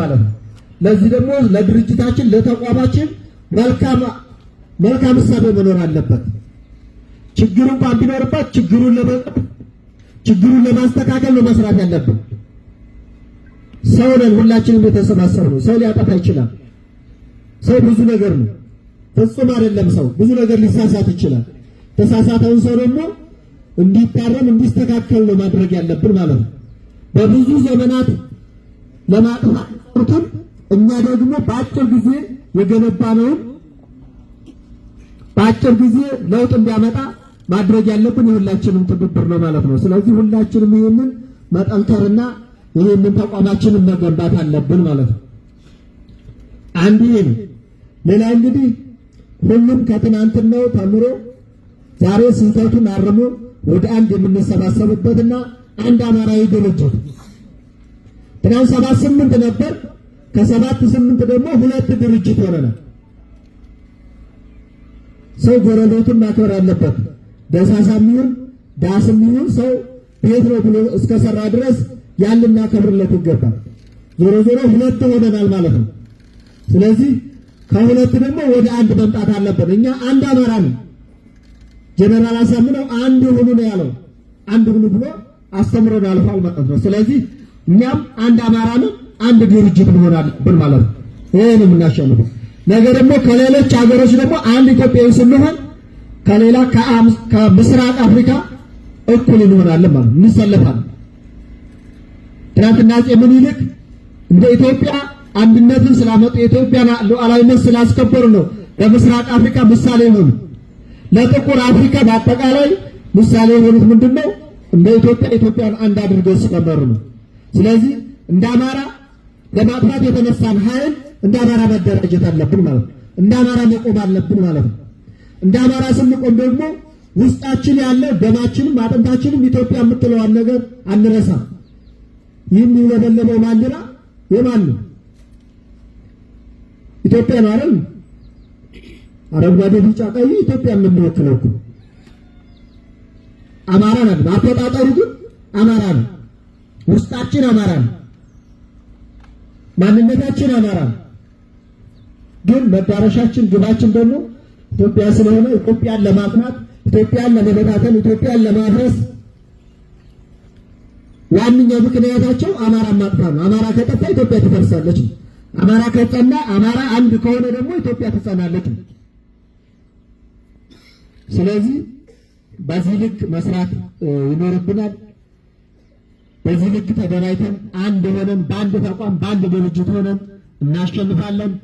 ማለት ነው። ለዚህ ደግሞ ለድርጅታችን ለተቋማችን መልካም መልካም እሳቤ መኖር አለበት። ችግሩ እንኳን ቢኖርበት ችግሩን ለመቅረፍ ችግሩን ለማስተካከል ነው መስራት ያለብን። ሰው ነን፣ ሁላችንም የተሰባሰብ ነው። ሰው ሊያጠፋ ይችላል። ሰው ብዙ ነገር ነው፣ ፍጹም አይደለም። ሰው ብዙ ነገር ሊሳሳት ይችላል። ተሳሳተውን ሰው ደግሞ እንዲታረም እንዲስተካከል ነው ማድረግ ያለብን ማለት ነው። በብዙ ዘመናት ለማጥፋት ያጡትን እኛ ደግሞ በአጭር ጊዜ የገነባነውን በአጭር ጊዜ ለውጥ እንዲያመጣ ማድረግ ያለብን የሁላችንም ትብብር ነው ማለት ነው። ስለዚህ ሁላችንም ይህንን መጠንከርና ይህንን ተቋማችንን መገንባት አለብን ማለት ነው። አንድ ይሄ ነው። ሌላ እንግዲህ ሁሉም ከትናንትናው ተምሮ ዛሬ ስህተቱን አርሞ ወደ አንድ የምንሰባሰብበትና አንድ አማራዊ ድርጅት ትናንት ሰባት ስምንት ነበር። ከሰባት ስምንት ደግሞ ሁለት ድርጅት ሆነናል። ሰው ጎረቤቱን ማክበር አለበት። ደሳሳ የሚሆን ዳስ የሚሆን ሰው ቤት ነው ብሎ እስከሰራ ድረስ ያን ልናከብርለት ይገባል። ዞሮ ዞሮ ሁለት ሆነናል ማለት ነው። ስለዚህ ከሁለት ደግሞ ወደ አንድ መምጣት አለበት። እኛ አንድ አማራ ነው። ጀነራል አሳምነው አንድ ሁኑ ነው ያለው። አንድ ሁኑ ብሎ አስተምሮን አልፏል ማለት ነው። ስለዚህ እኛም አንድ አማራ ነው፣ አንድ ድርጅት እንሆናለን ማለት ነው። ይሄ ነው የምናሸንፈው። ነገር ደግሞ ከሌሎች ሀገሮች ደግሞ አንድ ኢትዮጵያዊ ስንሆን ከሌላ ከምስራቅ አፍሪካ እኩል እንሆናለን ማለት ነው። እንሰለፋለን። ትናንትና አፄ ምኒልክ እንደ ኢትዮጵያ አንድነትን ስላመጡ የኢትዮጵያን ሉዓላዊነት ስላስከበሩ ነው በምስራቅ አፍሪካ ምሳሌ ሆኑ ለጥቁር አፍሪካ በአጠቃላይ ምሳሌ የሆኑት ምንድን ነው? እንደ ኢትዮጵያ ኢትዮጵያን አንድ አድርገው ስለመሩ ነው። ስለዚህ እንደ አማራ ለማጥፋት የተነሳን ኃይል እንደ አማራ መደራጀት አለብን ማለት ነው። እንደ አማራ መቆም አለብን ማለት ነው። እንደ አማራ ስንቆም ደግሞ ውስጣችን ያለ ደማችንም አጥንታችንም ኢትዮጵያ የምትለዋን ነገር አንረሳ። ይህም የሚውለበለበው ባንዲራ የማን ነው? ኢትዮጵያ ነው አይደል? አረንጓዴ፣ ቢጫ፣ ቀይ ኢትዮጵያ የምንወክለው እኮ አማራ ነን። አፈጣጠሩ ግን አማራ ነው። ውስጣችን አማራ ነው። ማንነታችን አማራ ነው። ግን መዳረሻችን ግባችን ደግሞ ኢትዮጵያ ስለሆነ ኢትዮጵያን ለማፍናት፣ ኢትዮጵያን ለመበታተን፣ ኢትዮጵያን ለማፍረስ ዋነኛው ምክንያታቸው አማራ ማጥፋ ነው። አማራ ከጠፋ ኢትዮጵያ ትፈርሳለች ነው። አማራ ከጸና፣ አማራ አንድ ከሆነ ደግሞ ኢትዮጵያ ትጸናለች ነው። ስለዚህ በዚህ ልክ መስራት ይኖርብናል። በዚህ ልክ ተደራጅተን አንድ ሆነን በአንድ ተቋም በአንድ ድርጅት ሆነን እናሸንፋለን።